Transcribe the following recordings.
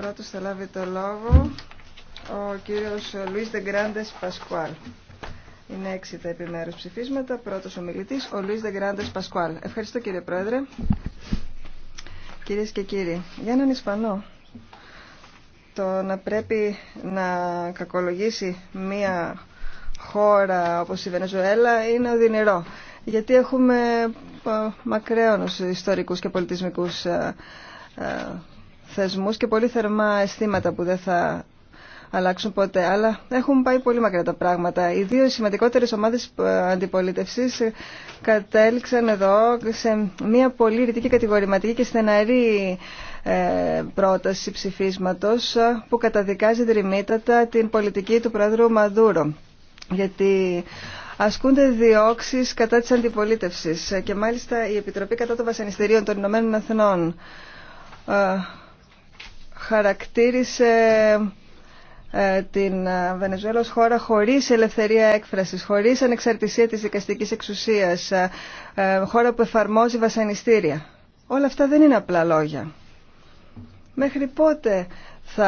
Πρώτος θα λάβει το λόγο ο κύριος Λουίς Δεγκράντες Πασκουάλ. Είναι έξι τα επιμέρους ψηφίσματα. Πρώτος ο μιλητής, ο Λουίς Δεγκράντες Πασκουάλ. Ευχαριστώ κύριε Πρόεδρε. Κυρίες και κύριοι, για έναν Ισπανό το να πρέπει να κακολογήσει μία χώρα όπως η Βενεζουέλα είναι οδυνηρό. Γιατί έχουμε ε, μακραίων ιστορικούς και πολιτισμικούς ε, ε, θεσμούς και πολύ θερμά αισθήματα που δεν θα αλλάξουν ποτέ. Αλλά έχουν πάει πολύ μακριά τα πράγματα. Οι δύο σημαντικότερες ομάδες ε, αντιπολίτευσης ε, κατέληξαν εδώ σε μια πολύ ρητική κατηγορηματική και στεναρή ε, πρόταση ψηφίσματος που καταδικάζει δρυμύτατα την πολιτική του Πρόεδρου Μαδούρο. Γιατί ασκούνται διώξει κατά της αντιπολίτευσης και μάλιστα η Επιτροπή κατά των Βασανιστήριων των Ηνωμένων Εθνών χαρακτήρισε ε, την ε, Βενεζουέλα ως χώρα χωρίς ελευθερία έκφρασης, χωρίς ανεξαρτησία της δικαστικής εξουσίας, ε, χώρα που εφαρμόζει βασανιστήρια. Όλα αυτά δεν είναι απλά λόγια. Μέχρι πότε θα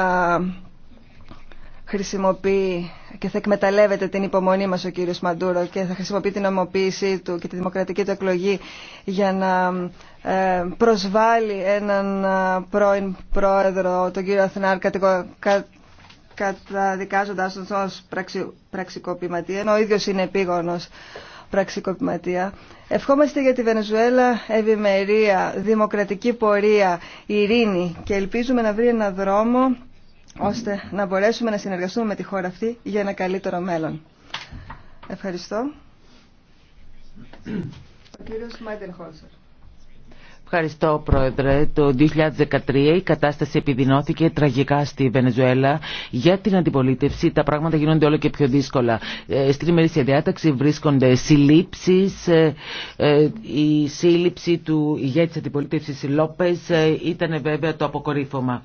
χρησιμοποιεί και θα εκμεταλλεύεται την υπομονή μας ο κύριος Μαντούρο και θα χρησιμοποιεί την ομοποίηση του και τη δημοκρατική του εκλογή για να ε, προσβάλλει έναν ε, πρώην πρόεδρο, τον κύριο Αθηνάρ, καταδικάζοντας τον ως πραξικόπηματία ενώ ο ίδιος είναι επίγονος πραξικοπηματία. Ευχόμαστε για τη Βενεζουέλα ευημερία, δημοκρατική πορεία, ειρήνη και ελπίζουμε να βρει ένα δρόμο ώστε να μπορέσουμε να συνεργαστούμε με τη χώρα αυτή για ένα καλύτερο μέλλον. Ευχαριστώ. Ευχαριστώ Πρόεδρε. Το 2013 η κατάσταση επιδεινώθηκε τραγικά στη Βενεζουέλα. Για την αντιπολίτευση τα πράγματα γίνονται όλο και πιο δύσκολα. Ε, στην ημερήσια διάταξη βρίσκονται συλλήψεις. Ε, ε, η σύλληψη του ηγέτη της αντιπολίτευση Λόπες ήταν βέβαια το αποκορύφωμα.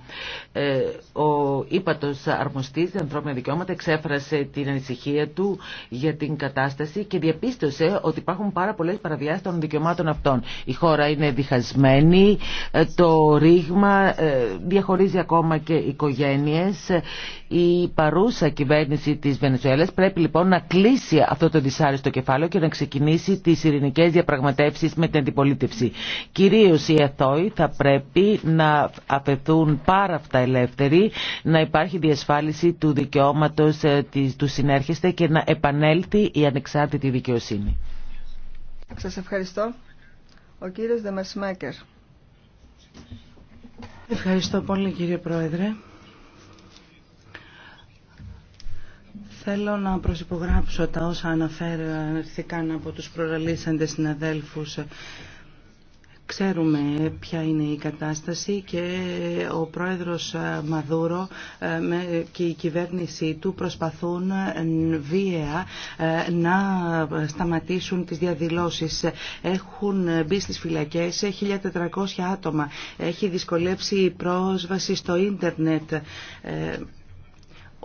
Ο ύπατος αρμοστής ανθρώπινα δικαιώματα εξέφρασε την ανησυχία του για την κατάσταση και διαπίστωσε ότι υπάρχουν πάρα πολλές παραβιάσεις των δικαιωμάτων αυτών. Η χώρα είναι διχασμένη ε, το ρήγμα ε, διαχωρίζει ακόμα και οικογένειες. Η παρούσα κυβέρνηση της Βενεζουέλας πρέπει λοιπόν να κλείσει αυτό το δυσάρεστο κεφάλαιο και να ξεκινήσει τις ειρηνικές διαπραγματεύσεις με την αντιπολίτευση. Κυρίως οι Αθώοι θα πρέπει να αφαιθούν πάρα αυτά ελεύθεροι, να υπάρχει διασφάλιση του δικαιώματος ε, του συνέρχεστε και να επανέλθει η ανεξάρτητη δικαιοσύνη. Σας ευχαριστώ. Ο κύριος Δεμασμάκερ. Ευχαριστώ πολύ κύριε Πρόεδρε. Θέλω να προσυπογράψω τα όσα αναφέρθηκαν από τους προραλήσαντες συναδέλφους Ξέρουμε ποια είναι η κατάσταση και ο πρόεδρος Μαδούρο ε, και η κυβέρνησή του προσπαθούν ε, βία ε, να σταματήσουν τις διαδηλώσεις. Έχουν μπει στις φυλακές 1.400 άτομα. Έχει δυσκολέψει η πρόσβαση στο ίντερνετ.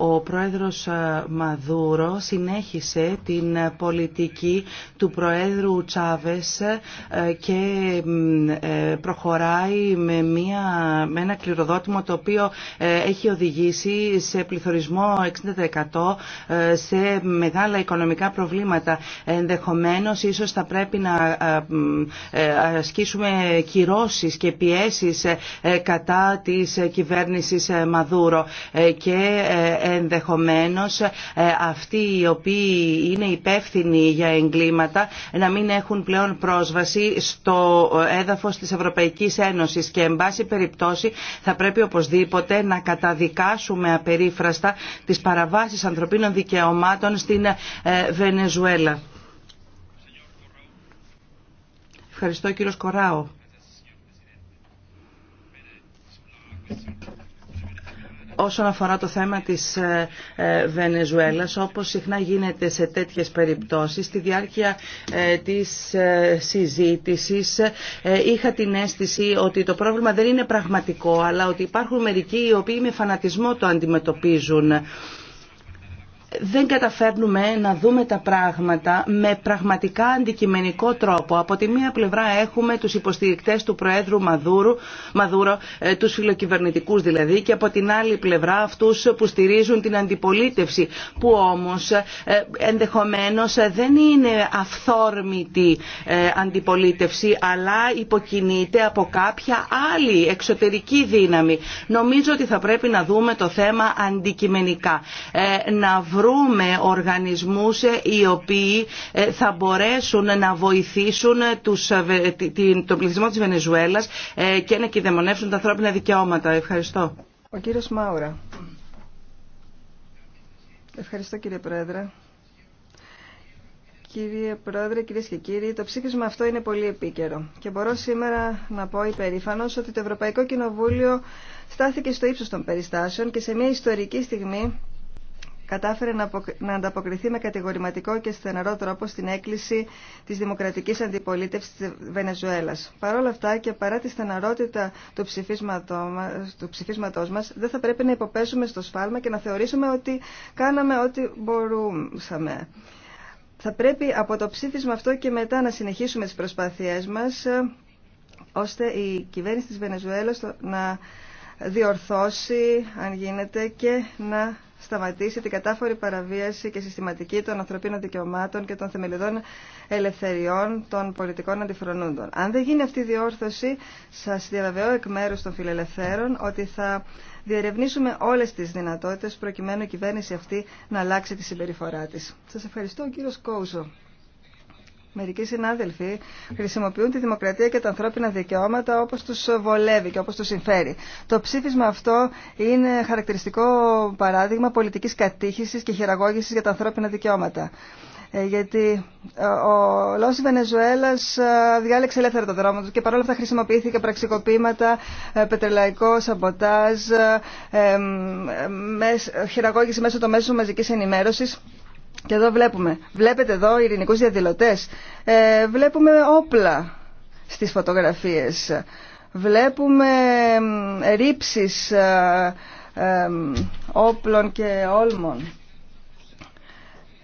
Ο πρόεδρος ε, Μαδούρο συνέχισε την πολιτική του πρόεδρου Τσάβες ε, και ε, προχωράει με, μια, με ένα κληροδότημα το οποίο έχει οδηγήσει σε πληθωρισμό 60% σε μεγάλα οικονομικά προβλήματα. Ενδεχομένως ίσως θα πρέπει να ασκήσουμε κυρώσεις και πιέσεις κατά της κυβέρνησης Μαδούρο και ενδεχομένως ε, αυτοί οι οποίοι είναι υπεύθυνοι για εγκλήματα να μην έχουν πλέον πρόσβαση στο ε, έδαφος της Ευρωπαϊκής Ένωσης και εν πάση περιπτώσει θα πρέπει οπωσδήποτε να καταδικάσουμε απερίφραστα τις παραβάσεις ανθρωπίνων δικαιωμάτων στην ε, Βενεζουέλα. Ευχαριστώ κύριο Κοράο όσον αφορά το θέμα της ε, ε, Βενεζουέλας, όπως συχνά γίνεται σε τέτοιες περιπτώσεις, στη διάρκεια ε, της συζήτησης είχα την αίσθηση ότι το πρόβλημα δεν είναι πραγματικό, αλλά ότι υπάρχουν μερικοί οι οποίοι με φανατισμό το αντιμετωπίζουν δεν καταφέρνουμε να δούμε τα πράγματα με πραγματικά αντικειμενικό τρόπο. Από τη μία πλευρά έχουμε τους υποστηρικτές του Προέδρου Μαδούρου, Μαδούρο, ε, τους φιλοκυβερνητικούς δηλαδή, και από την άλλη πλευρά αυτούς που στηρίζουν την αντιπολίτευση, που όμως ε, ενδεχομένως ε, δεν είναι αυθόρμητη αντιπολίτευση, αλλά υποκινείται από κάποια άλλη εξωτερική δύναμη. Νομίζω ότι θα πρέπει να δούμε το θέμα αντικειμενικά. Να βρούμε οργανισμούς οι οποίοι ε, θα μπορέσουν να βοηθήσουν ε, τον πληθυσμό της Βενεζουέλας ε, και να κυδεμονεύσουν τα ανθρώπινα δικαιώματα. Ευχαριστώ. Ο κύριος Μάουρα. Ευχαριστώ κύριε Πρόεδρε. Κύριε Πρόεδρε, κυρίε και κύριοι, το ψήφισμα αυτό είναι πολύ επίκαιρο και μπορώ σήμερα να πω υπερήφανο ότι το Ευρωπαϊκό Κοινοβούλιο στάθηκε στο ύψο των περιστάσεων και σε μια ιστορική στιγμή κατάφερε να ανταποκριθεί με κατηγορηματικό και στεναρό τρόπο στην έκκληση της δημοκρατικής αντιπολίτευσης της Βενεζουέλας. Παρ' όλα αυτά και παρά τη στεναρότητα του, ψηφίσματο ψηφίσματός μας, δεν θα πρέπει να υποπέσουμε στο σφάλμα και να θεωρήσουμε ότι κάναμε ό,τι μπορούσαμε. Θα πρέπει από το ψήφισμα αυτό και μετά να συνεχίσουμε τι προσπάθειές μα, ώστε η κυβέρνηση της Βενεζουέλας να διορθώσει, αν γίνεται, και να σταματήσει την κατάφορη παραβίαση και συστηματική των ανθρωπίνων δικαιωμάτων και των θεμελιδών ελευθεριών των πολιτικών αντιφρονούντων. Αν δεν γίνει αυτή η διόρθωση, σας διαβεβαιώ εκ μέρους των φιλελευθέρων ότι θα διερευνήσουμε όλες τις δυνατότητες προκειμένου η κυβέρνηση αυτή να αλλάξει τη συμπεριφορά τη. Σα ευχαριστώ, κύριο Κόουζο. Μερικοί συνάδελφοι χρησιμοποιούν τη δημοκρατία και τα ανθρώπινα δικαιώματα όπως τους βολεύει και όπως τους συμφέρει. Το ψήφισμα αυτό είναι χαρακτηριστικό παράδειγμα πολιτικής κατήχησης και χειραγώγησης για τα ανθρώπινα δικαιώματα ε, γιατί ε, ο λαός της Βενεζουέλας ε, διάλεξε ελεύθερα το δρόμο του και παρόλα αυτά χρησιμοποιήθηκε πραξικοπήματα, πετρελαϊκό σαμποτάζ, χειραγώγηση μέσω των μέσων μαζικής ενημέρωσης και εδώ βλέπουμε, βλέπετε εδώ ειρηνικού διαδηλωτέ, ε, βλέπουμε όπλα στις φωτογραφίες, βλέπουμε ρήψει ε, ε, όπλων και όλμων.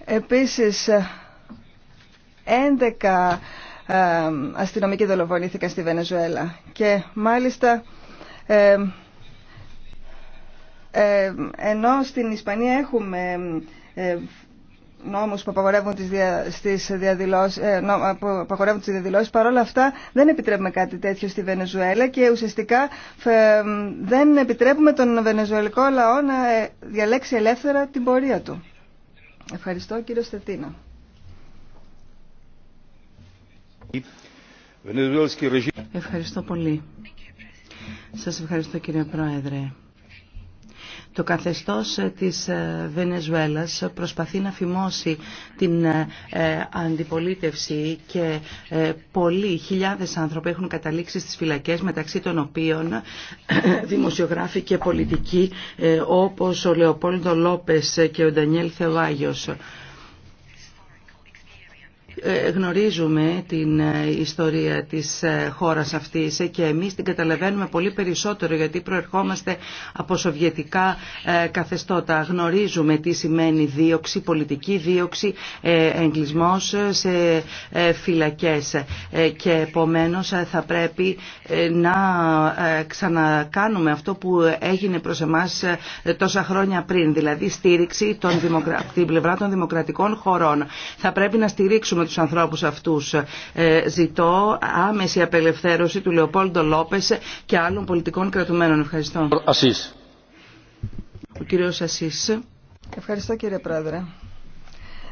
Επίσης, 11 ε, αστυνομικοί δολοφονήθηκαν στη Βενεζουέλα και μάλιστα ενώ στην Ισπανία έχουμε νόμους που απαγορεύουν τις, στις διαδηλώσεις, ε, απαγορεύουν τις διαδηλώσεις. Παρ' αυτά δεν επιτρέπουμε κάτι τέτοιο στη Βενεζουέλα και ουσιαστικά δεν επιτρέπουμε τον βενεζουελικό λαό να ε, διαλέξει ελεύθερα την πορεία του. Ευχαριστώ κύριο Στετίνα. Ευχαριστώ πολύ. Σας ευχαριστώ κύριε Πρόεδρε. Το καθεστώς ε, της ε, Βενεζουέλας προσπαθεί να φημώσει την ε, αντιπολίτευση και πολλοί χιλιάδες άνθρωποι έχουν καταλήξει στις φυλακές μεταξύ των οποίων δημοσιογράφοι και πολιτικοί όπως ο Λεοπόλντο Λόπες και ο Ντανιέλ Θεβάγιος. Ε, γνωρίζουμε την ε, ιστορία της ε, χώρας αυτής και εμείς την καταλαβαίνουμε πολύ περισσότερο γιατί προερχόμαστε από σοβιετικά καθεστώτα. Γνωρίζουμε τι σημαίνει δίωξη, πολιτική δίωξη, εγκλισμός σε φυλακές και επομένως θα πρέπει να ξανακάνουμε αυτό που έγινε προς εμάς τόσα χρόνια πριν, δηλαδή στήριξη από την πλευρά των δημοκρατικών χωρών. Θα πρέπει να στηρίξουμε τους ανθρώπους αυτούς. Ε, ζητώ άμεση απελευθέρωση του Λεοπόλντο Λόπες και άλλων πολιτικών κρατουμένων. Ευχαριστώ. Ασίς. Ο κύριος ασίς Ευχαριστώ κύριε Πρόεδρε.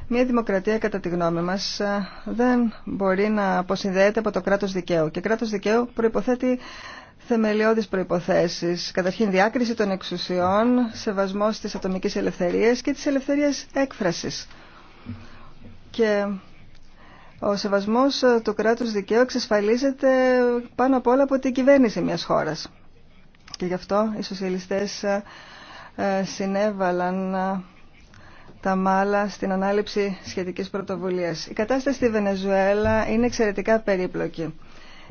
Μια δημοκρατία κατά τη γνώμη μας δεν μπορεί να αποσυνδέεται από το κράτος δικαίου και κράτος δικαίου προϋποθέτει θεμελιώδεις προϋποθέσεις. Καταρχήν διάκριση των εξουσιών, σεβασμός της ατομικής ελευθερίας και της ελευθερίας έκφρασης. Και ο σεβασμός ε, του κράτους δικαίου εξασφαλίζεται πάνω απ' όλα από την κυβέρνηση μιας χώρας. Και γι' αυτό οι σοσιαλιστές ε, ε, συνέβαλαν τα μάλα στην ανάληψη σχετικής πρωτοβουλίας. Η κατάσταση στη Βενεζουέλα είναι εξαιρετικά περίπλοκη.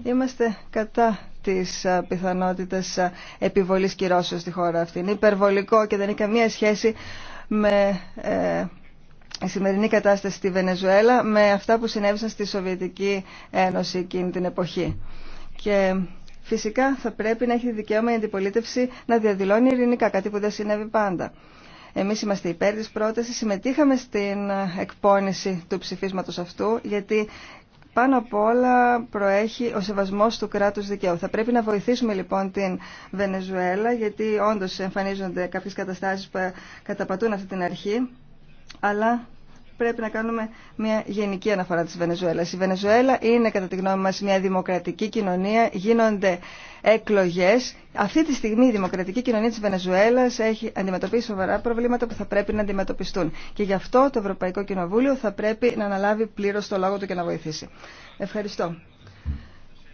Είμαστε κατά της πιθανότητας επιβολής κυρώσεως στη χώρα αυτή. Είναι υπερβολικό και δεν έχει καμία σχέση με η σημερινή κατάσταση στη Βενεζουέλα με αυτά που συνέβησαν στη Σοβιετική Ένωση εκείνη την εποχή. Και φυσικά θα πρέπει να έχει δικαίωμα η αντιπολίτευση να διαδηλώνει ειρηνικά, κάτι που δεν συνέβη πάντα. Εμεί είμαστε υπέρ τη πρόταση, συμμετείχαμε στην εκπόνηση του ψηφίσματο αυτού, γιατί πάνω απ' όλα προέχει ο σεβασμός του κράτους δικαίου. Θα πρέπει να βοηθήσουμε λοιπόν την Βενεζουέλα, γιατί όντως εμφανίζονται κάποιε καταστάσεις που καταπατούν αυτή την αρχή αλλά πρέπει να κάνουμε μια γενική αναφορά της Βενεζουέλας. Η Βενεζουέλα είναι κατά τη γνώμη μας μια δημοκρατική κοινωνία, γίνονται εκλογές. Αυτή τη στιγμή η δημοκρατική κοινωνία της Βενεζουέλας έχει αντιμετωπίσει σοβαρά προβλήματα που θα πρέπει να αντιμετωπιστούν. Και γι' αυτό το Ευρωπαϊκό Κοινοβούλιο θα πρέπει να αναλάβει πλήρως το λόγο του και να βοηθήσει. Ευχαριστώ.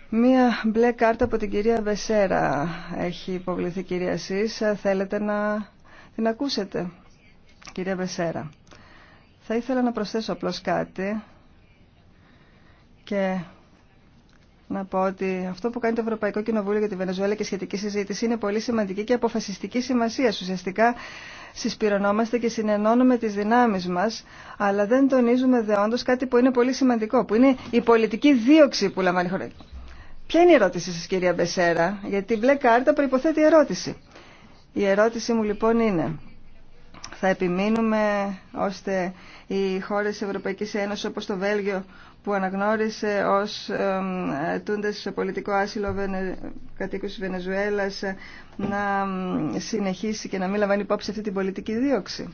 Μία μπλε κάρτα από την κυρία Βεσέρα έχει υποβληθεί κυρία Σεις. Θέλετε να την ακούσετε, κυρία Βεσέρα. Θα ήθελα να προσθέσω απλώς κάτι και να πω ότι αυτό που κάνει το Ευρωπαϊκό Κοινοβούλιο για τη Βενεζουέλα και σχετική συζήτηση είναι πολύ σημαντική και αποφασιστική σημασία. Ουσιαστικά συσπηρωνόμαστε και συνενώνουμε τις δυνάμεις μας, αλλά δεν τονίζουμε δεόντως κάτι που είναι πολύ σημαντικό, που είναι η πολιτική δίωξη που λαμβάνει η χώρα. Ποια είναι η ερώτηση σας κυρία Μπεσέρα, γιατί η μπλε κάρτα προϋποθέτει ερώτηση. Η ερώτηση μου λοιπόν είναι, θα επιμείνουμε ώστε οι χώρες της Ευρωπαϊκής Ένωσης όπως το Βέλγιο που αναγνώρισε ως τούντες σε πολιτικό άσυλο κατοίκους της Βενεζουέλας να συνεχίσει και να μην λαμβάνει υπόψη αυτή την πολιτική δίωξη.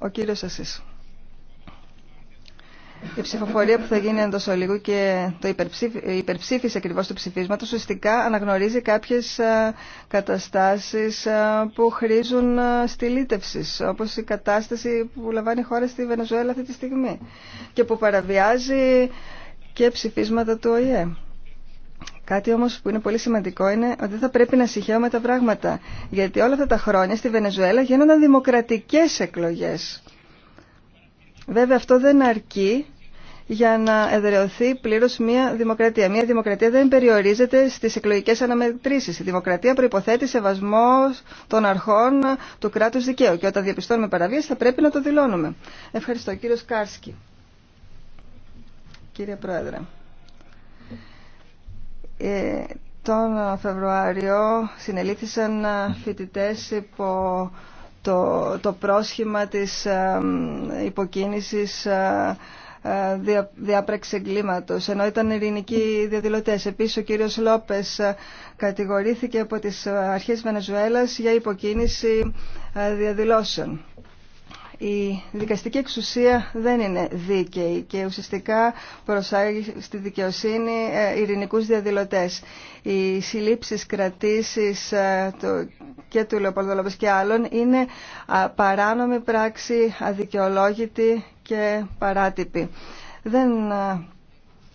Ο κύριος Ασίσου. Η ψηφοφορία που θα γίνει εντό ολίγου και το υπερψήφι, υπερψήφιση ακριβώ του ψηφίσματο ουσιαστικά αναγνωρίζει κάποιε καταστάσει ε, που χρήζουν ε, στηλίτευση, όπω η κατάσταση που λαμβάνει η χώρα στη Βενεζουέλα αυτή τη στιγμή και που παραβιάζει και ψηφίσματα του ΟΗΕ. Κάτι όμω που είναι πολύ σημαντικό είναι ότι δεν θα πρέπει να συγχαίουμε τα πράγματα. Γιατί όλα αυτά τα χρόνια στη Βενεζουέλα γίνονταν δημοκρατικέ εκλογέ. Βέβαια αυτό δεν αρκεί για να εδραιωθεί πλήρω μια δημοκρατία. Μια δημοκρατία δεν περιορίζεται στι εκλογικέ αναμετρήσει. Η δημοκρατία προϋποθέτει σεβασμό των αρχών του κράτου δικαίου. Και όταν διαπιστώνουμε παραβίαση θα πρέπει να το δηλώνουμε. Ευχαριστώ. Κύριο Κάρσκι. Κύριε Πρόεδρε. Ε, τον Φεβρουάριο συνελήθησαν φοιτητέ υπό το, το πρόσχημα της υποκίνησης ε, ε, δια, διάπραξη εγκλήματος, ενώ ήταν ειρηνικοί διαδηλωτές. Επίσης, ο κύριος Λόπες ε, κατηγορήθηκε από τις αρχές Βενεζουέλας για υποκίνηση διαδηλώσεων η δικαστική εξουσία δεν είναι δίκαιη και ουσιαστικά προσάγει στη δικαιοσύνη ε, ειρηνικούς διαδηλωτές. Οι συλλήψεις, κρατήσεις ε, και του Λεοπολδολόπης και άλλων είναι παράνομη πράξη, αδικαιολόγητη και παράτυπη. Δεν ε,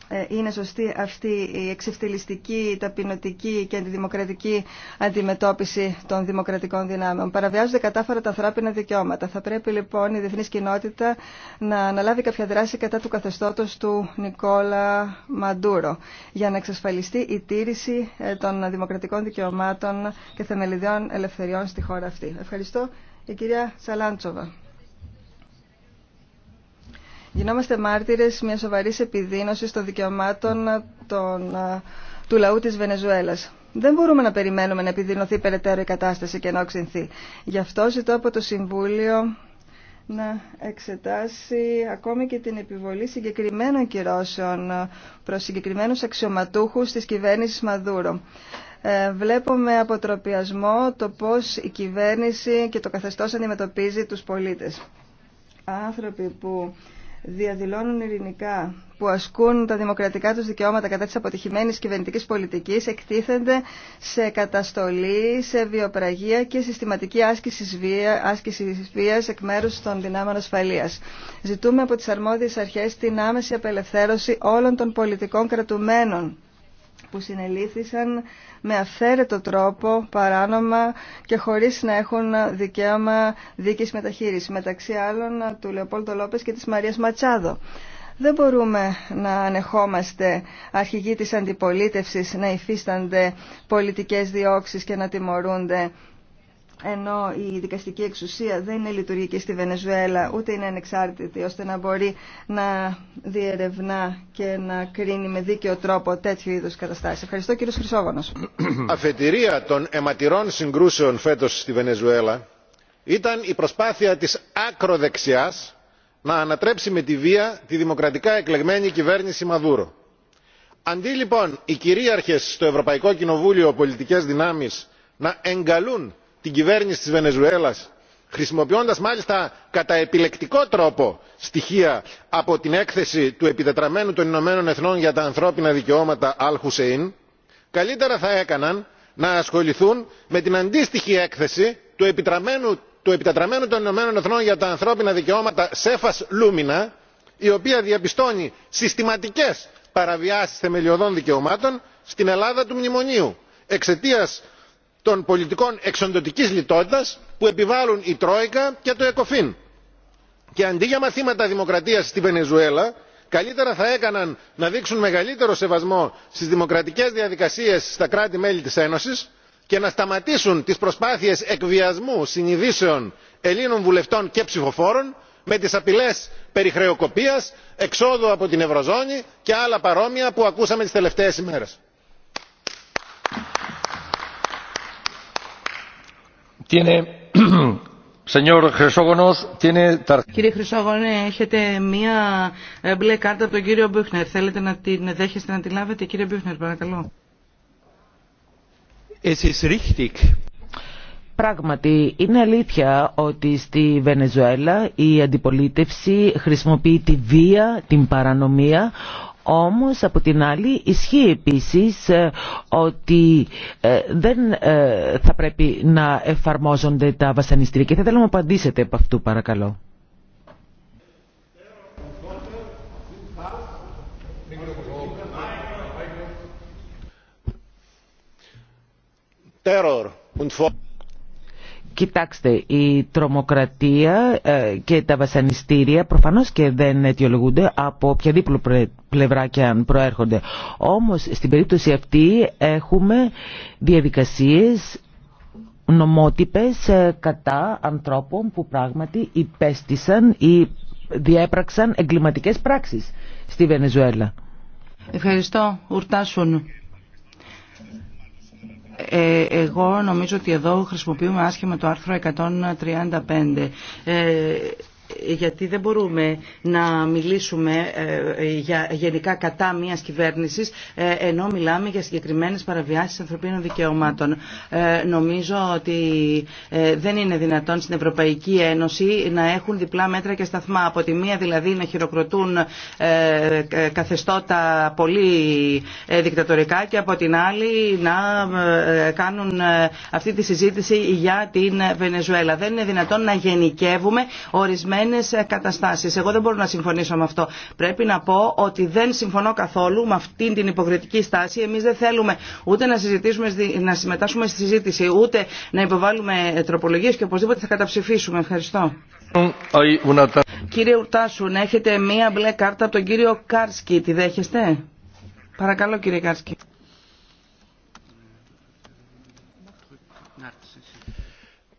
ε, είναι σωστή αυτή η εξευθυλιστική, ταπεινωτική και αντιδημοκρατική αντιμετώπιση των δημοκρατικών δυνάμεων. Παραβιάζονται κατάφορα τα ανθρώπινα δικαιώματα. Θα πρέπει λοιπόν η διεθνή κοινότητα να αναλάβει κάποια δράση κατά του καθεστώτος του Νικόλα Μαντούρο για να εξασφαλιστεί η τήρηση ε, των δημοκρατικών δικαιωμάτων και θεμελιδιών ελευθεριών στη χώρα αυτή. Ευχαριστώ. Η κυρία Σαλάντσοβα γινόμαστε μάρτυρες μια σοβαρής επιδείνωσης των δικαιωμάτων των, του λαού της Βενεζουέλας. Δεν μπορούμε να περιμένουμε να επιδεινωθεί περαιτέρω η κατάσταση και να οξυνθεί. Γι' αυτό ζητώ από το Συμβούλιο να εξετάσει ακόμη και την επιβολή συγκεκριμένων κυρώσεων προς συγκεκριμένους αξιωματούχους της κυβέρνησης Μαδούρο. Ε, βλέπω με αποτροπιασμό το πώς η κυβέρνηση και το καθεστώς αντιμετωπίζει τους πολίτες. Άνθρωποι που διαδηλώνουν ειρηνικά, που ασκούν τα δημοκρατικά τους δικαιώματα κατά της αποτυχημένης κυβερνητικής πολιτικής, εκτίθενται σε καταστολή, σε βιοπραγία και συστηματική άσκηση, βία, άσκηση βίας εκ μέρους των δυνάμεων ασφαλείας. Ζητούμε από τις αρμόδιες αρχές την άμεση απελευθέρωση όλων των πολιτικών κρατουμένων που συνελήθησαν με αυθαίρετο τρόπο, παράνομα και χωρίς να έχουν δικαίωμα δίκης μεταχείρισης, μεταξύ άλλων του Λεοπόλτο Λόπες και της Μαρίας Ματσάδο. Δεν μπορούμε να ανεχόμαστε αρχηγοί της αντιπολίτευσης να υφίστανται πολιτικές διώξεις και να τιμωρούνται ενώ η δικαστική εξουσία δεν είναι λειτουργική στη Βενεζουέλα, ούτε είναι ανεξάρτητη, ώστε να μπορεί να διερευνά και να κρίνει με δίκαιο τρόπο τέτοιου είδους καταστάσεις. Ευχαριστώ κύριο Χρυσόγωνος. Αφετηρία των αιματηρών συγκρούσεων φέτος στη Βενεζουέλα ήταν η προσπάθεια της άκροδεξιάς να ανατρέψει με τη βία τη δημοκρατικά εκλεγμένη κυβέρνηση Μαδούρο. Αντί λοιπόν οι κυρίαρχες στο Ευρωπαϊκό Κοινοβούλιο πολιτικές δυνάμεις να εγκαλούν την κυβέρνηση της βενεζουέλας χρησιμοποιώντας μάλιστα κατά επιλεκτικό τρόπο στοιχεία από την έκθεση του επιτετραμένου των ηνωμένων εθνών για τα ανθρώπινα δικαιώματα αλ χουσέιν καλύτερα θα έκαναν να ασχοληθούν με την αντίστοιχη έκθεση του επιτετραμένου, των ηνωμένων εθνών για τα ανθρώπινα δικαιώματα σέφας λούμινα η οποία διαπιστώνει συστηματικές παραβιάσεις θεμελιωδών δικαιωμάτων στην ελλάδα του μνημονίου εξαιτία των πολιτικών εξοντωτικής λιτότητας που επιβάλλουν η τρόικα και το εκοφίν. και αντί για μαθήματα δημοκρατίας στη βενεζουέλα καλύτερα θα έκαναν να δείξουν μεγαλύτερο σεβασμό στις δημοκρατικές διαδικασίες στα κράτη μέλη της ένωσης και να σταματήσουν τις προσπάθειες εκβιασμού συνειδήσεων ελλήνων βουλευτών και ψηφοφόρων με τις απειλές περί χρεοκοπίας εξόδου από την ευρωζώνη και άλλα παρόμοια που ακούσαμε τις τελευταίες ημέρες. Κύριε Χρυσόγονε, έχετε μία ε, μπλε κάρτα από τον κύριο Μπούχνερ. Θέλετε να την δέχεστε να την λάβετε. Κύριε Μπούχνερ, παρακαλώ. Πράγματι, είναι αλήθεια ότι στη Βενεζουέλα η αντιπολίτευση χρησιμοποιεί τη βία, την παρανομία όμως από την άλλη ισχύει επίσης ε, ότι ε, δεν ε, θα πρέπει να εφαρμόζονται τα βασανιστήρια και θα θέλω να απαντήσετε από αυτού παρακαλώ. Terror und Κοιτάξτε, η τρομοκρατία ε, και τα βασανιστήρια προφανώς και δεν αιτιολογούνται από οποιαδήποτε πλευρά και αν προέρχονται. Όμως στην περίπτωση αυτή έχουμε διαδικασίες νομότυπες ε, κατά ανθρώπων που πράγματι υπέστησαν ή διέπραξαν εγκληματικές πράξεις στη Βενεζουέλα. Ευχαριστώ. Ουρτάσουν. Ε, εγώ νομίζω ότι εδώ χρησιμοποιούμε άσχημα το άρθρο 135 γιατί δεν μπορούμε να μιλήσουμε ε, για γενικά κατά μιας ε, ενώ μιλάμε για συγκεκριμένες παραβιάσεις ανθρωπίνων δικαιωμάτων. Ε, νομίζω ότι ε, δεν είναι δυνατόν στην Ευρωπαϊκή Ένωση να έχουν διπλά μέτρα και σταθμά. Από τη μία δηλαδή να χειροκροτούν καθεστώτα πολύ δικτατορικά και από την άλλη να κάνουν αυτή τη συζήτηση για την Βενεζουέλα. Δεν είναι δυνατόν να γενικεύουμε είναι σε καταστάσει. Εγώ δεν μπορώ να συμφωνήσω με αυτό. Πρέπει να πω ότι δεν συμφωνώ καθόλου με αυτή την υποκριτική στάση. Εμεί δεν θέλουμε ούτε να, συζητήσουμε, να συμμετάσχουμε στη συζήτηση, ούτε να υποβάλουμε ε, τροπολογίε και οπωσδήποτε θα καταψηφίσουμε. Ευχαριστώ. Κύριε Ουρτάσουν, έχετε μία μπλε κάρτα από τον κύριο Κάρσκι. Τη δέχεστε? Παρακαλώ κύριε Κάρσκι.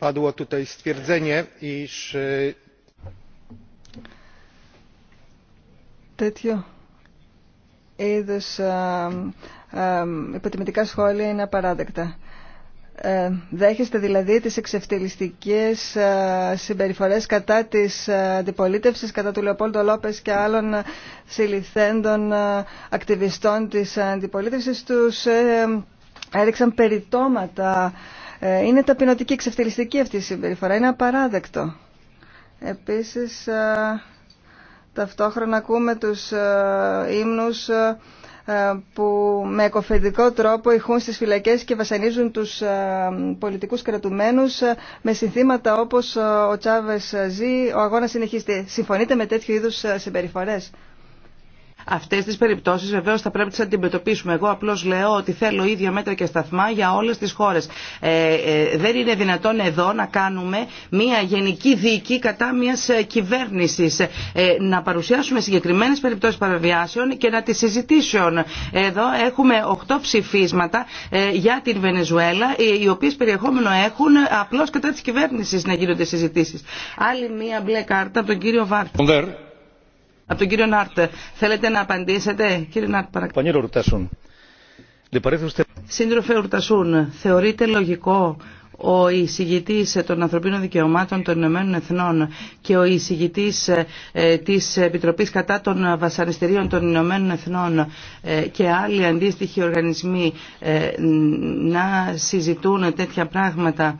padło τέτοιο είδους ε, ε, υποτιμητικά σχόλια είναι απαράδεκτα. Ε, δέχεστε δηλαδή τις εξευτελιστικές συμπεριφορές κατά της αντιπολίτευσης, κατά του Λεοπόλτο Λόπες και άλλων συλληθέντων ακτιβιστών της αντιπολίτευσης. Τους έδειξαν περιτώματα. Είναι ταπεινωτική εξευτελιστική αυτή η συμπεριφορά. Είναι απαράδεκτο. Επίσης Ταυτόχρονα ακούμε τους ε, ύμνους ε, ε, που με εκοφεντικό τρόπο ηχούν στις φυλακές και βασανίζουν τους πολιτικούς κρατουμένους με συνθήματα όπως ο Τσάβες ζει, ο αγώνας συνεχίζεται. Συμφωνείτε με τέτοιου είδους συμπεριφορές. Αυτές τις περιπτώσεις βεβαίως θα πρέπει να τις αντιμετωπίσουμε. Εγώ απλώς λέω ότι θέλω ίδια μέτρα και σταθμά για όλες τις χώρες. Ε, ε δεν είναι δυνατόν εδώ να κάνουμε μια γενική δίκη κατά μιας ε, κυβέρνησης. Ε, να παρουσιάσουμε συγκεκριμένες περιπτώσεις παραβιάσεων και να τις συζητήσουν. Εδώ έχουμε 8 ψηφίσματα για την Βενεζουέλα, οι οποίες περιεχόμενο έχουν απλώς κατά της κυβέρνησης να γίνονται συζητήσεις. Άλλη μια μπλε κάρτα από τον κύριο Βάρτη από τον κύριο Νάρτ. Θέλετε να απαντήσετε, κύριε Νάρτ, παρακαλώ. Σύντροφε Ουρτασούν, θεωρείτε λογικό ο εισηγητή των ανθρωπίνων δικαιωμάτων των Ηνωμένων Εθνών και ο εισηγητής ε, τη Επιτροπής κατά των βασανιστήριων των Ηνωμένων Εθνών ε, και άλλοι αντίστοιχοι οργανισμοί ε, να συζητούν τέτοια πράγματα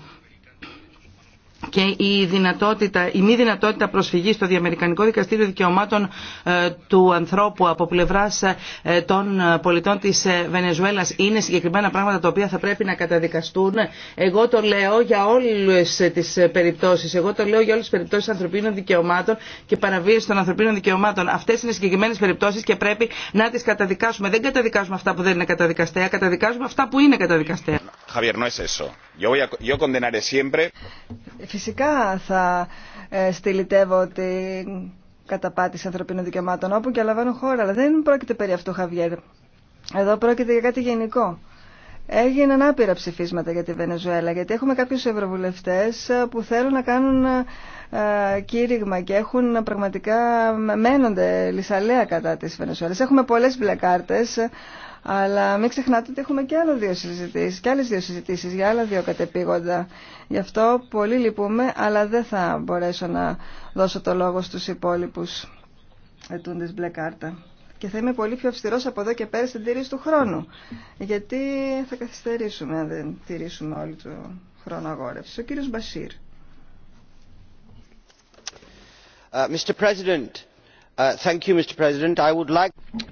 και η, δυνατότητα, η μη δυνατότητα προσφυγής στο Διαμερικανικό Δικαστήριο Δικαιωμάτων ε, του Ανθρώπου από πλευράς ε, των πολιτών της ε, Βενεζουέλας είναι συγκεκριμένα πράγματα τα οποία θα πρέπει να καταδικαστούν. Εγώ το λέω για όλες τις περιπτώσεις. Εγώ το λέω για όλες τις περιπτώσεις ανθρωπίνων δικαιωμάτων και παραβίαση των ανθρωπίνων δικαιωμάτων. Αυτές είναι συγκεκριμένε περιπτώσεις και πρέπει να τις καταδικάσουμε. Δεν καταδικάζουμε αυτά που δεν είναι καταδικαστέα, καταδικάζουμε αυτά που είναι καταδικαστέα. Javier, no es eso. Yo voy a... Yo φυσικά θα ε, στυλιτεύω την καταπάτηση ανθρωπίνων δικαιωμάτων όπου και λαμβάνω χώρα. Αλλά δεν πρόκειται περί αυτού, Χαβιέρ. Εδώ πρόκειται για κάτι γενικό. Έγιναν άπειρα ψηφίσματα για τη Βενεζουέλα, γιατί έχουμε κάποιους ευρωβουλευτές ε, που θέλουν να κάνουν ε, κήρυγμα και έχουν πραγματικά μένονται λισαλέα κατά της Βενεζουέλας. Έχουμε πολλές μπλε αλλά μην ξεχνάτε ότι έχουμε και, άλλο δύο συζητήσεις, και άλλες δύο συζητήσεις για άλλα δύο κατεπήγοντα. Γι' αυτό πολύ λυπούμε, αλλά δεν θα μπορέσω να δώσω το λόγο στους υπόλοιπους ετούντες μπλε κάρτα. Και θα είμαι πολύ πιο αυστηρός από εδώ και πέρα στην τήρηση του χρόνου. Γιατί θα καθυστερήσουμε αν δεν τηρήσουμε όλη του χρόνο αγόρευση. Ο κύριος Μπασίρ. Uh, Mr. President, Uh,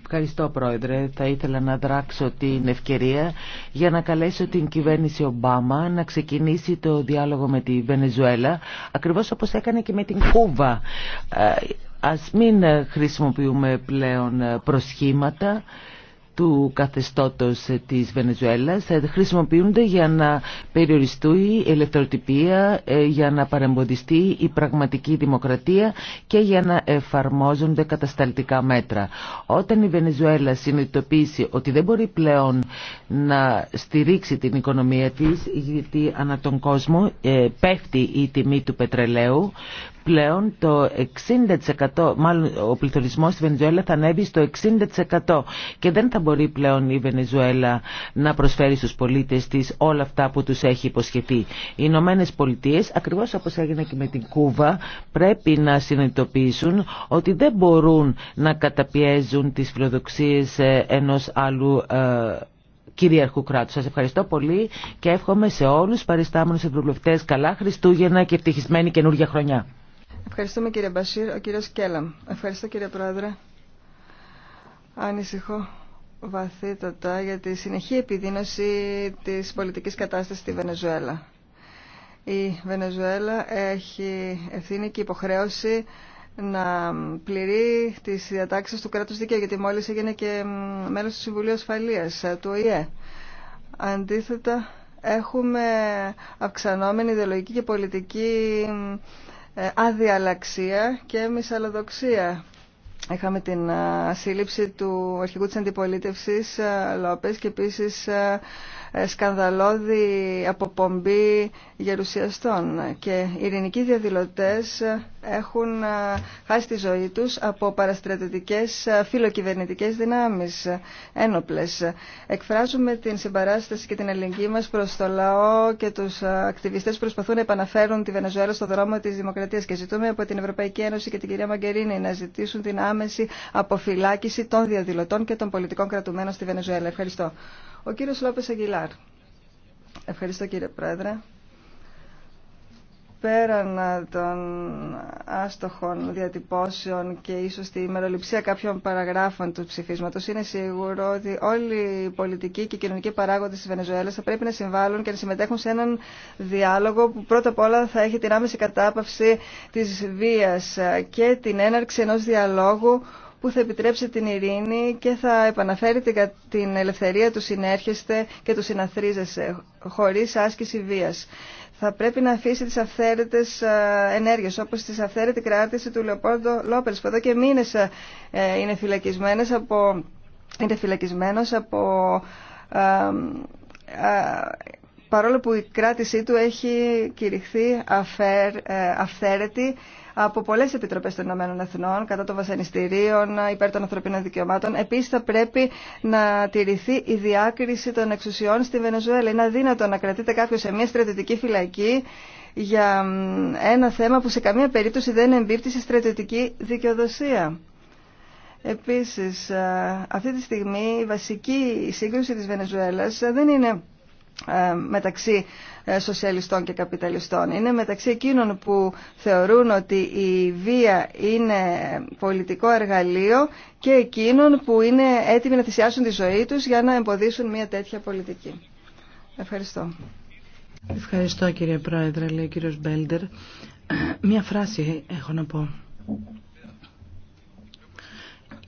Ευχαριστώ Πρόεδρε. Θα ήθελα να δράξω την ευκαιρία για να καλέσω την κυβέρνηση Ομπάμα να ξεκινήσει το διάλογο με τη Βενεζουέλα ακριβώς όπως έκανε και με την Κούβα. Ε, ας μην χρησιμοποιούμε πλέον ε, προσχήματα του καθεστώτος της Βενεζουέλας ε, χρησιμοποιούνται για να περιοριστούν η ελευθεροτυπία, ε, για να παρεμποδιστεί η πραγματική δημοκρατία και για να εφαρμόζονται κατασταλτικά μέτρα. Όταν η Βενεζουέλα συνειδητοποιήσει ότι δεν μπορεί πλέον να στηρίξει την οικονομία της γιατί ανά τον κόσμο ε, πέφτει η τιμή του πετρελαίου πλέον το 60%, μάλλον ο πληθωρισμός στη Βενεζουέλα θα ανέβει στο 60% και δεν θα μπορεί πλέον η Βενεζουέλα να προσφέρει στους πολίτες της όλα αυτά που τους έχει υποσχεθεί. Οι Ηνωμένε Πολιτείε, ακριβώς όπως έγινε και με την Κούβα, πρέπει να συνειδητοποιήσουν ότι δεν μπορούν να καταπιέζουν τις φιλοδοξίες ε, ενός άλλου ε, κυριαρχού κράτου. Σα ευχαριστώ πολύ και εύχομαι σε όλου του παριστάμενου ευρωβουλευτέ καλά Χριστούγεννα και ευτυχισμένη καινούργια χρονιά. Ευχαριστούμε κύριε Μπασίρ. Ο κύριος Κέλαμ. Ευχαριστώ κύριε Πρόεδρε. Ανησυχώ βαθύτατα για τη συνεχή επιδείνωση της πολιτικής κατάστασης στη Βενεζουέλα. Η Βενεζουέλα έχει ευθύνη και υποχρέωση να πληρεί τις διατάξεις του κράτους δικαίου, γιατί μόλις έγινε και μέλος του Συμβουλίου Ασφαλείας, ε, του ΟΗΕ. Αντίθετα, έχουμε αυξανόμενη ιδεολογική και πολιτική αδιαλαξία ε, και μυσαλλοδοξία Είχαμε την σύλληψη του αρχηγού της αντιπολίτευσης Λόπες και επίσης ε, σκανδαλώδη αποπομπή γερουσιαστών και οι ειρηνικοί διαδηλωτές έχουν χάσει τη ζωή τους από παραστρατητικές φιλοκυβερνητικές δυνάμεις ένοπλες. Εκφράζουμε την συμπαράσταση και την ελληνική μας προς το λαό και τους ακτιβιστές που προσπαθούν να επαναφέρουν τη Βενεζουέλα στο δρόμο της δημοκρατίας και ζητούμε από την Ευρωπαϊκή Ένωση και την κυρία Μαγκερίνη να ζητήσουν την άμεση άμεση αποφυλάκηση των διαδηλωτών και των πολιτικών κρατουμένων στη Βενεζουέλα. Ευχαριστώ. Ο κύριος Λόπες Αγγιλάρ. Ευχαριστώ κύριε Πρόεδρε πέραν ε, των άστοχων διατυπώσεων και ίσως τη μεροληψία κάποιων παραγράφων του ψηφίσματος είναι σίγουρο ότι όλοι οι πολιτικοί και οι κοινωνικοί παράγοντες της Βενεζουέλας θα πρέπει να συμβάλλουν και να συμμετέχουν σε έναν διάλογο που πρώτα απ' όλα θα έχει την άμεση κατάπαυση της βίας και την έναρξη ενό διαλόγου που θα επιτρέψει την ειρήνη και θα επαναφέρει την ελευθερία του συνέρχεστε και του συναθρίζεσαι χωρίς άσκηση βίας θα πρέπει να αφήσει τις αυθαίρετες ε, ενέργειες, όπως τις αυθαίρετη κράτηση του Λεοπόρντο Λόπελς, που εδώ και μήνες ε, ε, είναι φυλακισμένος από, είναι φυλακισμένος από παρόλο που η κράτησή του έχει κηρυχθεί ε, αυθαίρετη από πολλές επιτροπές των Ηνωμένων Εθνών κατά των βασανιστήριων, υπέρ των ανθρωπίνων δικαιωμάτων. Επίσης θα πρέπει να τηρηθεί η διάκριση των εξουσιών στη Βενεζουέλα. Είναι αδύνατο να κρατείται κάποιος σε μια στρατιωτική φυλακή για ένα θέμα που σε καμία περίπτωση δεν εμπίπτει σε στρατιωτική δικαιοδοσία. Επίσης, ε, αυτή τη στιγμή η βασική σύγκρουση της Βενεζουέλας δεν είναι ε, μεταξύ ε, σοσιαλιστών και καπιταλιστών. Είναι μεταξύ εκείνων που θεωρούν ότι η βία είναι πολιτικό εργαλείο και εκείνων που είναι έτοιμοι να θυσιάσουν τη ζωή τους για να εμποδίσουν μια τέτοια πολιτική. Ευχαριστώ. Ευχαριστώ κύριε Πρόεδρε, λέει ο κύριος Μπέλντερ. Μια φράση έχω να πω.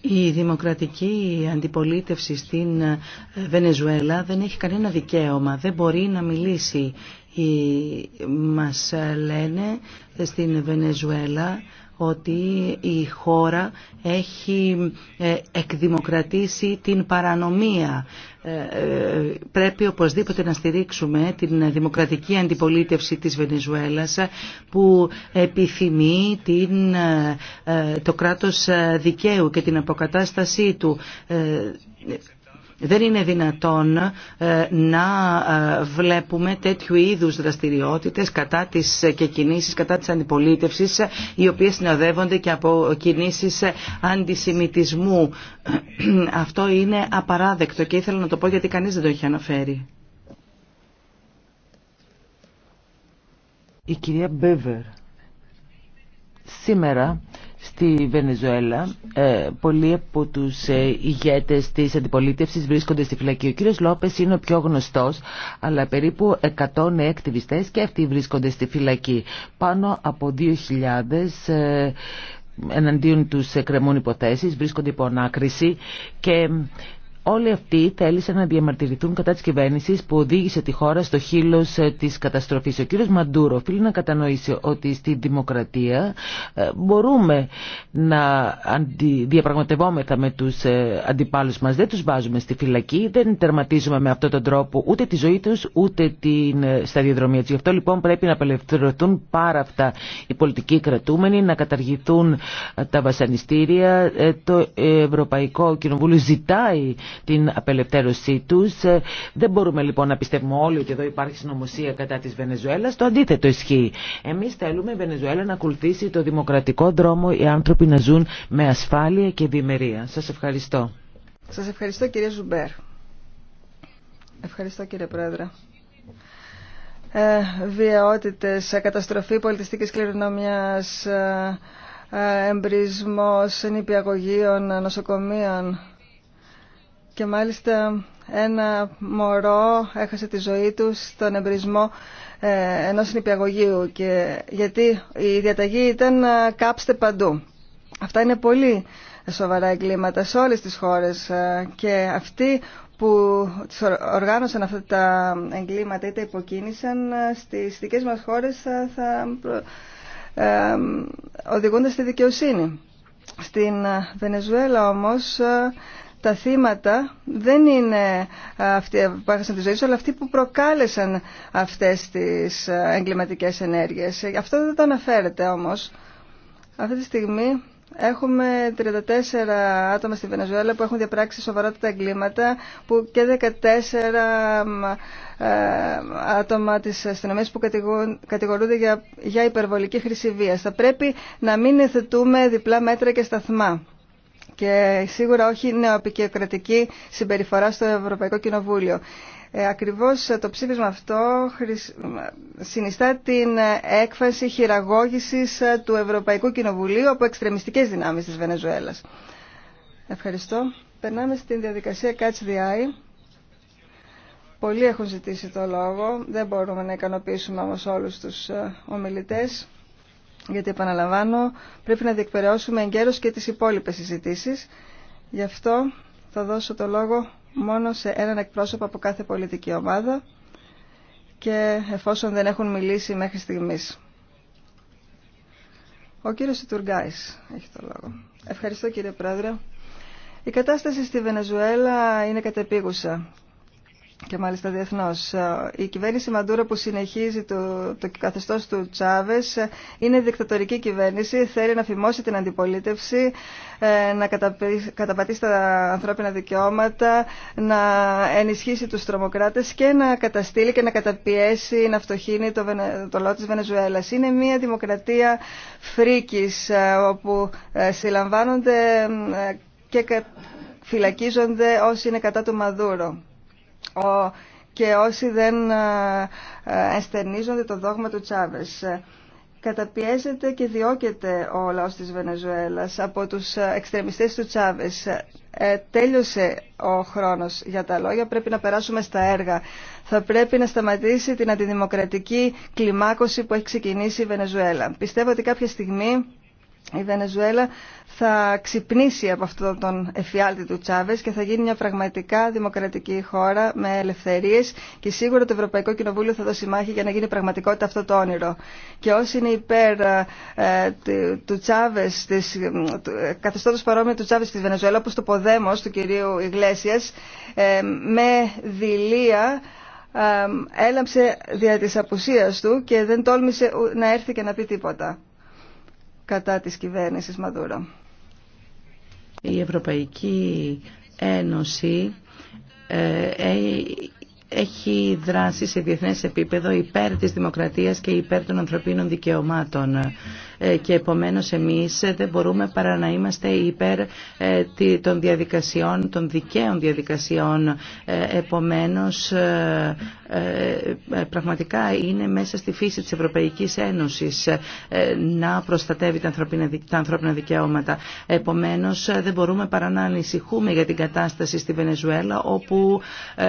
Η δημοκρατική αντιπολίτευση στην ε, Βενεζουέλα δεν έχει κανένα δικαίωμα, δεν μπορεί να μιλήσει. Μας λένε στην Βενεζουέλα ότι η χώρα έχει ε, εκδημοκρατήσει την παρανομία ε, ε, πρέπει οπωσδήποτε να στηρίξουμε την δημοκρατική αντιπολίτευση της Βενεζουέλας που επιθυμεί την, ε, το κράτος δικαίου και την αποκατάστασή του δεν είναι δυνατόν ε, να ε, βλέπουμε τέτοιου είδους δραστηριότητες κατά τις ε, και κινήσεις κατά τις αντιπολίτευσης οι οποίες συνοδεύονται και από κινήσεις αντισημιτισμού. Αυτό είναι απαράδεκτο και ήθελα να το πω γιατί κανείς δεν το έχει αναφέρει. Η κυρία Μπέβερ σήμερα Στη Βενεζουέλα ε, πολλοί από τους ε, ηγέτε τη αντιπολίτευση βρίσκονται στη φυλακή. Ο κύριο Λόπε είναι ο πιο γνωστός, αλλά περίπου 100 εκτιβιστές και αυτοί βρίσκονται στη φυλακή. Πάνω από 2.000 ε, εναντίον του κρεμούν υποθέσει, βρίσκονται υπό ανάκριση και Όλοι αυτοί θέλησαν να διαμαρτυρηθούν κατά τη κυβέρνηση που οδήγησε τη χώρα στο χείλο ε, τη καταστροφή. Ο κύριο Μαντούρο οφείλει να κατανοήσει ότι στη δημοκρατία ε, μπορούμε να διαπραγματευόμεθα με του ε, αντιπάλου μα. Δεν του βάζουμε στη φυλακή, δεν τερματίζουμε με αυτόν τον τρόπο ούτε τη ζωή του ούτε την σταδιοδρομία του. Γι' αυτό λοιπόν πρέπει να απελευθερωθούν πάρα αυτά οι πολιτικοί κρατούμενοι, να καταργηθούν τα βασανιστήρια. Το Ευρωπαϊκό Κοινοβούλιο ζητάει την απελευθέρωσή του. Ε, δεν μπορούμε λοιπόν να πιστεύουμε όλοι ότι εδώ υπάρχει συνωμοσία κατά τη Βενεζουέλας. Το αντίθετο ισχύει. Εμεί θέλουμε η Βενεζουέλα να ακολουθήσει το δημοκρατικό δρόμο οι άνθρωποι να ζουν με ασφάλεια και ευημερία. Σα ευχαριστώ. Σα ευχαριστώ κύριε Ζουμπέρ. Ευχαριστώ κύριε Πρόεδρε. Ε, βιαιότητες, καταστροφή πολιτιστικής κληρονομιάς, ε, ε, εμπρισμός νηπιαγωγείων, νοσοκομείων και μάλιστα ένα μωρό έχασε τη ζωή του στον εμπρισμό ε, ενός νηπιαγωγείου και γιατί η διαταγή ήταν να ε, κάψτε παντού. Αυτά είναι πολύ σοβαρά εγκλήματα σε όλες τις χώρες ε, και αυτοί που οργάνωσαν αυτά τα εγκλήματα ή τα υποκίνησαν στις δικές μας χώρες θα, θα οδηγούνται στη δικαιοσύνη. Στην Βενεζουέλα όμως τα θύματα δεν είναι αυτοί που έχασαν τη ζωή τους, αλλά αυτοί που προκάλεσαν αυτές τις εγκληματικές ενέργειες. Αυτό δεν το αναφέρεται όμως. Αυτή τη στιγμή έχουμε 34 άτομα στη Βενεζουέλα που έχουν διαπράξει σοβαρότητα εγκλήματα που και 14 ε, άτομα της αστυνομία που κατηγορούνται για, για υπερβολική χρησιβία. Θα πρέπει να μην εθετούμε διπλά μέτρα και σταθμά και σίγουρα όχι νεοαπικιοκρατική συμπεριφορά στο Ευρωπαϊκό Κοινοβούλιο. Ε, ακριβώς το ψήφισμα αυτό συνιστά την έκφαση χειραγώγησης ε, του Ευρωπαϊκού Κοινοβουλίου από εξτρεμιστικές δυνάμεις της Βενεζουέλας. Ευχαριστώ. Περνάμε στην διαδικασία Catch the Eye. Πολλοί έχουν ζητήσει το λόγο. Δεν μπορούμε να ικανοποιήσουμε όμως όλους τους ε, ομιλητές γιατί επαναλαμβάνω πρέπει να διεκπαιρεώσουμε εγκαίρως και τις υπόλοιπες συζητήσει. Γι' αυτό θα δώσω το λόγο μόνο σε έναν εκπρόσωπο από κάθε πολιτική ομάδα και εφόσον δεν έχουν μιλήσει μέχρι στιγμής. Ο κύριος Τουργκάης έχει το λόγο. Ευχαριστώ κύριε Πρόεδρε. Η κατάσταση στη Βενεζουέλα είναι κατεπίγουσα και μάλιστα διεθνώ. Ε, η κυβέρνηση Μαντούρα που συνεχίζει το, το καθεστώ του Τσάβε ε, είναι δικτατορική κυβέρνηση. Θέλει να φημώσει την αντιπολίτευση, ε, να καταπατήσει τα ανθρώπινα δικαιώματα, να ενισχύσει του τρομοκράτε και να καταστήλει και να καταπιέσει, να φτωχύνει το, το λαό τη Βενεζουέλα. Είναι μια δημοκρατία φρίκη όπου συλλαμβάνονται και φυλακίζονται όσοι είναι κατά του Μαδούρο και όσοι δεν ε, ε, εστερνίζονται το δόγμα του Τσάβες. Καταπιέζεται και διώκεται ο λαός της Βενεζουέλας από τους ε, εξτρεμιστές του Τσάβες. τέλειωσε ο χρόνος για τα λόγια, πρέπει να περάσουμε στα έργα. Θα πρέπει να σταματήσει την αντιδημοκρατική κλιμάκωση που έχει ξεκινήσει η Βενεζουέλα. Πιστεύω ότι κάποια στιγμή η Βενεζουέλα θα ξυπνήσει από αυτόν τον εφιάλτη του Τσάβες και θα γίνει μια πραγματικά δημοκρατική χώρα με ελευθερίες και σίγουρα το Ευρωπαϊκό Κοινοβούλιο θα δώσει μάχη για να γίνει πραγματικότητα αυτό το όνειρο. Και όσοι είναι υπέρ ε, του Τσάβες, της, του, ε, παρόμοιο του Τσάβες της Βενεζουέλα, όπως το Ποδέμος του κυρίου Ιγλέσιας, ε, με δηλία ε, έλαμψε δια της απουσίας του και δεν τόλμησε να έρθει και να πει τίποτα κατά της κυβέρνησης Μαδούρα. Η Ευρωπαϊκή Ένωση ε, ε, έχει δράσει σε διεθνές επίπεδο υπέρ της δημοκρατίας και υπέρ των ανθρωπίνων δικαιωμάτων. Ε, και επομένως εμείς δεν μπορούμε παρά να είμαστε υπέρ ε, των διαδικασιών, των δικαίων διαδικασιών. Ε, επομένως πραγματικά είναι μέσα στη φύση της Ευρωπαϊκής Ένωσης να προστατεύει τα ανθρώπινα δικαιώματα. Επομένως δεν μπορούμε παρά να ανησυχούμε για την κατάσταση στη Βενεζουέλα όπου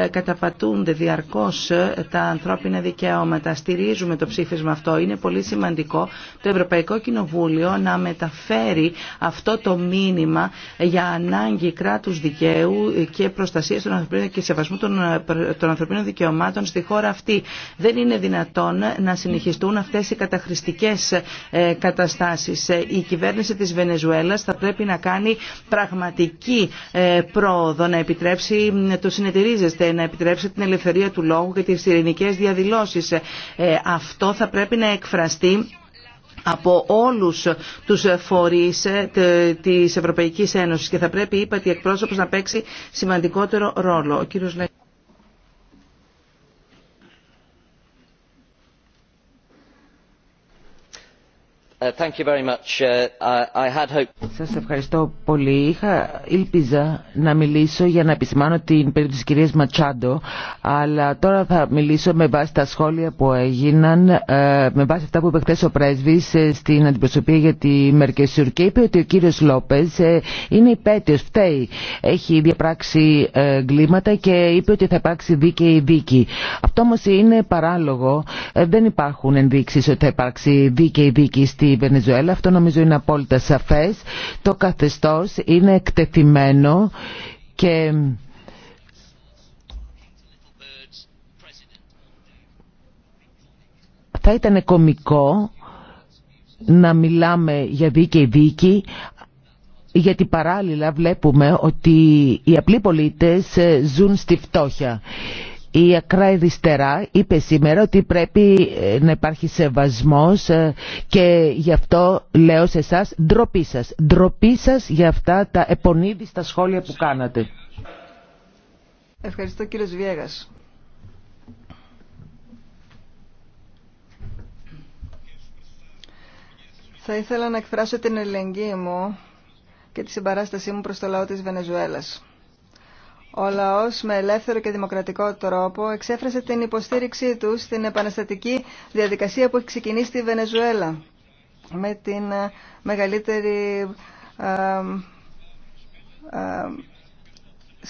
καταπατούνται διαρκώς τα ανθρώπινα δικαιώματα. Στηρίζουμε το ψήφισμα αυτό. Είναι πολύ σημαντικό το Ευρωπαϊκό Κοινοβούλιο να μεταφέρει αυτό το μήνυμα για ανάγκη κράτους δικαίου και προστασίας των ανθρωπίνων και σεβασμού των, ανθρωπίνων δικαιωμάτων στη χώρα αυτή. Δεν είναι δυνατόν να συνεχιστούν αυτές οι καταχρηστικές ε, καταστάσεις. Ε, η κυβέρνηση της Βενεζουέλας θα πρέπει να κάνει πραγματική ε, πρόοδο, να επιτρέψει το συνεταιρίζεστε, να επιτρέψει την ελευθερία του λόγου και τις ειρηνικές διαδηλώσεις. Αυτό θα πρέπει να εκφραστεί από όλους τους φορείς ε, της Ευρωπαϊκής Ένωσης και θα πρέπει, είπα, η εκπρόσωπος να παίξει σημαντικότερο ρόλο. Ο κύριος Σας ευχαριστώ πολύ. Είχα, ήλπιζα να μιλήσω για να επισημάνω την περίπτωση της κυρίας Ματσάντο, αλλά τώρα θα μιλήσω με βάση τα σχόλια που έγιναν, ε, με βάση αυτά που είπε χθες ο πρέσβης ε, στην αντιπροσωπεία για τη Μερκεσούρ και είπε ότι ο κύριος Λόπες ε, είναι υπέτειος, φταίει, έχει διαπράξει εγκλήματα και είπε ότι θα υπάρξει δίκαιη δίκη. Αυτό όμως είναι παράλογο, δεν υπάρχουν ενδείξεις ότι θα υπάρξει δίκαιη δίκη στη Βενεζουέλα, αυτό νομίζω είναι απόλυτα σαφές. Το καθεστώς είναι εκτεθειμένο και θα ήταν κομικό να μιλάμε για δίκαιη δίκη γιατί παράλληλα βλέπουμε ότι οι απλοί πολίτες ζουν στη φτώχεια η ακρά ειδιστερά είπε σήμερα ότι πρέπει ε, να υπάρχει σεβασμός ε, και γι' αυτό λέω σε εσά ντροπή σα. Ντροπή σα για αυτά τα επονίδη σχόλια που κάνατε. Ευχαριστώ κύριε Βιέγας. Θα ήθελα να εκφράσω την ελεγγύη μου και τη συμπαράστασή μου προς το λαό της Βενεζουέλας. Ο λαό με ελεύθερο και δημοκρατικό τρόπο εξέφρασε την υποστήριξή του στην επαναστατική διαδικασία που έχει ξεκινήσει στη Βενεζουέλα με την ε, μεγαλύτερη ε, ε,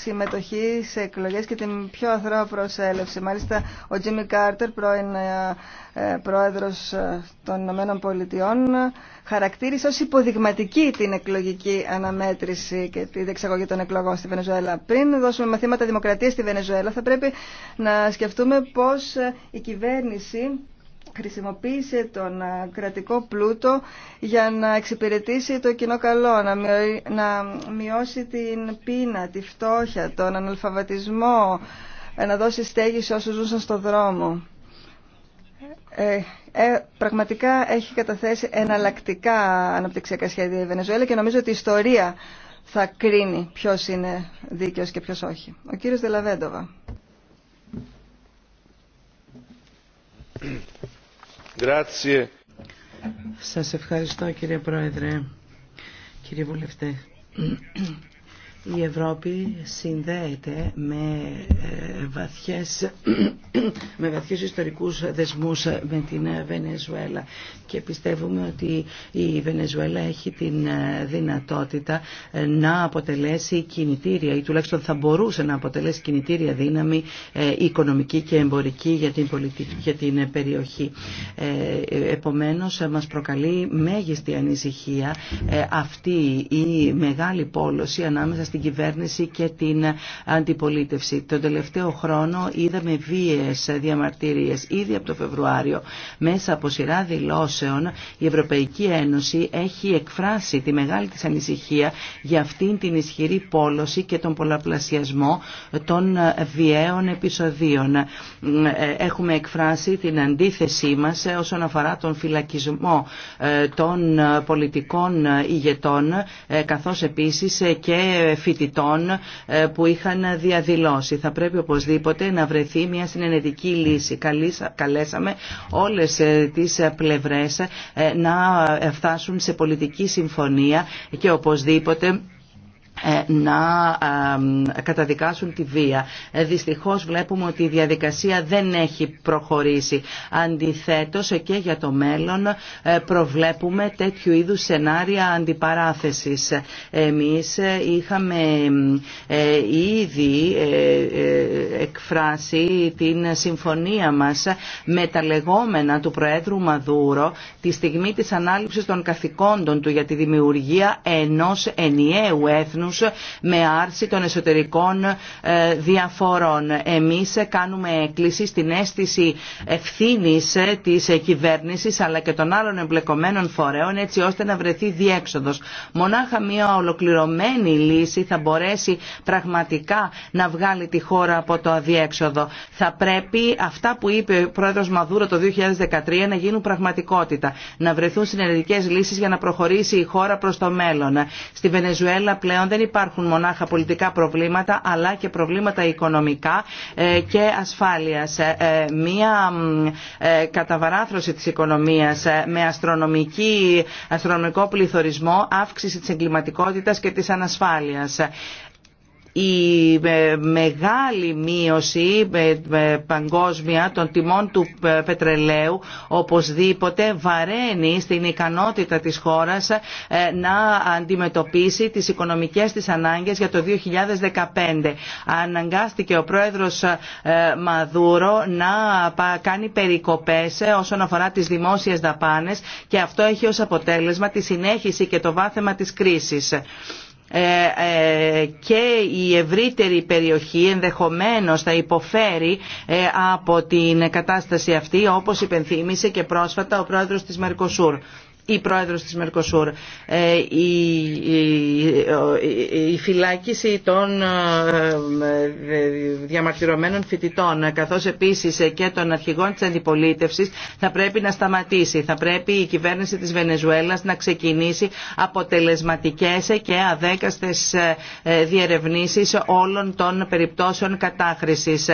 συμμετοχή σε εκλογές και την πιο αθρώα προσέλευση. Μάλιστα, ο Τζίμι Κάρτερ, πρώην ε, ε, πρόεδρος ε, των Ηνωμένων Πολιτειών, χαρακτήρισε ως υποδειγματική την εκλογική αναμέτρηση και τη δεξαγωγή των εκλογών στη Βενεζουέλα. Πριν δώσουμε μαθήματα δημοκρατίας στη Βενεζουέλα, θα πρέπει να σκεφτούμε πώς η κυβέρνηση χρησιμοποίησε τον ε, κρατικό πλούτο για να εξυπηρετήσει το κοινό καλό, να μειώσει την πείνα, τη φτώχεια, τον αναλφαβατισμό, ε, να δώσει στέγη σε όσους ζούσαν στο δρόμο. Ε, ε, πραγματικά έχει καταθέσει εναλλακτικά αναπτυξιακά σχέδια η Βενεζουέλα και νομίζω ότι η ιστορία θα κρίνει ποιος είναι δίκαιος και ποιος όχι. Ο κύριος Δελαβέντοβα. Σας ευχαριστώ κύριε Πρόεδρε, κύριε Βουλευτέ. Η Ευρώπη συνδέεται με ε, βαθιές, με βαθιές ιστορικούς δεσμούς με την Βενεζουέλα και πιστεύουμε ότι η Βενεζουέλα έχει την ε, δυνατότητα ε, να αποτελέσει κινητήρια ή τουλάχιστον θα μπορούσε να αποτελέσει κινητήρια δύναμη οικονομική και εμπορική για την, πολιτική, για την περιοχή. Επομένως μας προκαλεί μέγιστη ανησυχία αυτή η μεγάλη πόλωση ανάμεσα την στην κυβέρνηση και την αντιπολίτευση. Τον τελευταίο χρόνο είδαμε βίαιες διαμαρτυρίες. Ήδη από το Φεβρουάριο, μέσα από σειρά δηλώσεων, η Ευρωπαϊκή Ένωση έχει εκφράσει τη μεγάλη της ανησυχία για αυτήν την ισχυρή πόλωση και τον πολλαπλασιασμό των βιαίων επεισοδίων. Έχουμε εκφράσει την αντίθεσή μας όσον αφορά τον φυλακισμό ε, των πολιτικών ηγετών ε, καθώς επίσης και φοιτητών ε, που είχαν διαδηλώσει. Θα πρέπει οπωσδήποτε να βρεθεί μια συνενετική λύση. Καλέσαμε όλες ε, τις ε, πλευρές να φτάσουν σε πολιτική συμφωνία και οπωσδήποτε ε, να καταδικάσουν τη βία. Ε, δυστυχώς βλέπουμε ότι η διαδικασία δεν έχει προχωρήσει. Αντιθέτως και για το μέλλον ε, προβλέπουμε τέτοιου είδους σενάρια αντιπαράθεσης. Εμείς είχαμε ήδη εκφράσει την συμφωνία μας με τα λεγόμενα του Προέδρου Μαδούρο τη στιγμή της ανάληψης των καθηκόντων του για τη δημιουργία ενός ενιαίου έθνου με άρση των εσωτερικών ε, διαφορών. Εμείς κάνουμε έκκληση στην αίσθηση ευθύνης ε, της κυβέρνησης αλλά και των άλλων εμπλεκομένων φορέων έτσι ώστε να βρεθεί διέξοδος. Μονάχα μια ολοκληρωμένη λύση θα μπορέσει πραγματικά να βγάλει τη χώρα από το αδιέξοδο. Θα πρέπει αυτά που είπε ο πρόεδρος Μαδούρο το 2013 να γίνουν πραγματικότητα. Να βρεθούν συνεργικές λύσεις για να προχωρήσει η χώρα προς το μέλλον. Στη Βενεζουέλα δεν υπάρχουν μονάχα πολιτικά προβλήματα αλλά και προβλήματα οικονομικά ε, και ασφάλειας. Ε, ε, μία καταβαράθρωση της οικονομίας με αστρονομική, αστρονομικό πληθωρισμό, αύξηση της εγκληματικότητας και της ανασφάλειας η μεγάλη μείωση παγκόσμια των τιμών του ε, πετρελαίου οπωσδήποτε βαραίνει στην ικανότητα της χώρας ε, να αντιμετωπίσει τις οικονομικές της ανάγκες για το 2015. Αναγκάστηκε ο πρόεδρος ε, Μαδούρο να κάνει περικοπές όσον αφορά τις δημόσιες δαπάνες και αυτό έχει ως αποτέλεσμα τη συνέχιση και το βάθεμα της κρίσης. Ε, ε, και η ευρύτερη περιοχή ενδεχομένως θα υποφέρει ε, από την κατάσταση αυτή όπως υπενθύμησε και πρόσφατα ο πρόεδρος της Μερκοσούρ ή πρόεδρος της Μερκοσούρ. Ε, η φυλάκιση των ε, ε, διαμαρτυρωμένων φοιτητών καθώς επίσης και των αρχηγών της αντιπολίτευσης θα πρέπει να σταματήσει. Θα πρέπει η κυβέρνηση της Βενεζουέλας να ξεκινήσει αποτελεσματικές και αδέκαστες διερευνήσεις όλων των περιπτώσεων κατάχρησης.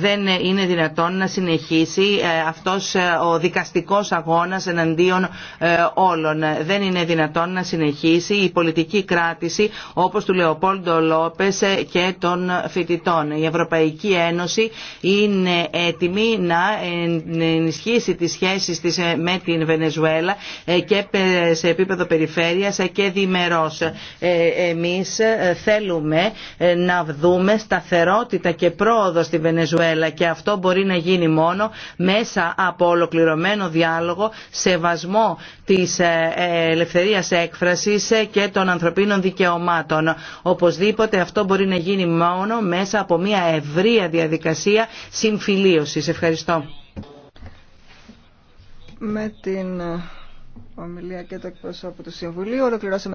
Δεν είναι δυνατόν να συνεχίσει αυτός ο δικαστικός αγώνας εναντίον ε, όλων. Δεν είναι δυνατόν να συνεχίσει η πολιτική κράτηση όπως του Λεοπόλντο Λόπες και των φοιτητών. Η Ευρωπαϊκή Ένωση είναι έτοιμη να ενισχύσει τις σχέσεις της ε, με την Βενεζουέλα ε, και σε επίπεδο περιφέρειας και διμερός. Εμείς θέλουμε να δούμε σταθερότητα και πρόοδο στη Βενεζουέλα και αυτό μπορεί να γίνει μόνο μέσα από ολοκληρωμένο διάλογο, σεβασμό Τη της ε, ελευθερίας έκφρασης και των ανθρωπίνων δικαιωμάτων. Οπωσδήποτε αυτό μπορεί να γίνει μόνο μέσα από μια ευρεία διαδικασία συμφιλίωσης. Ευχαριστώ. Με την ομιλία και το Συμβουλίου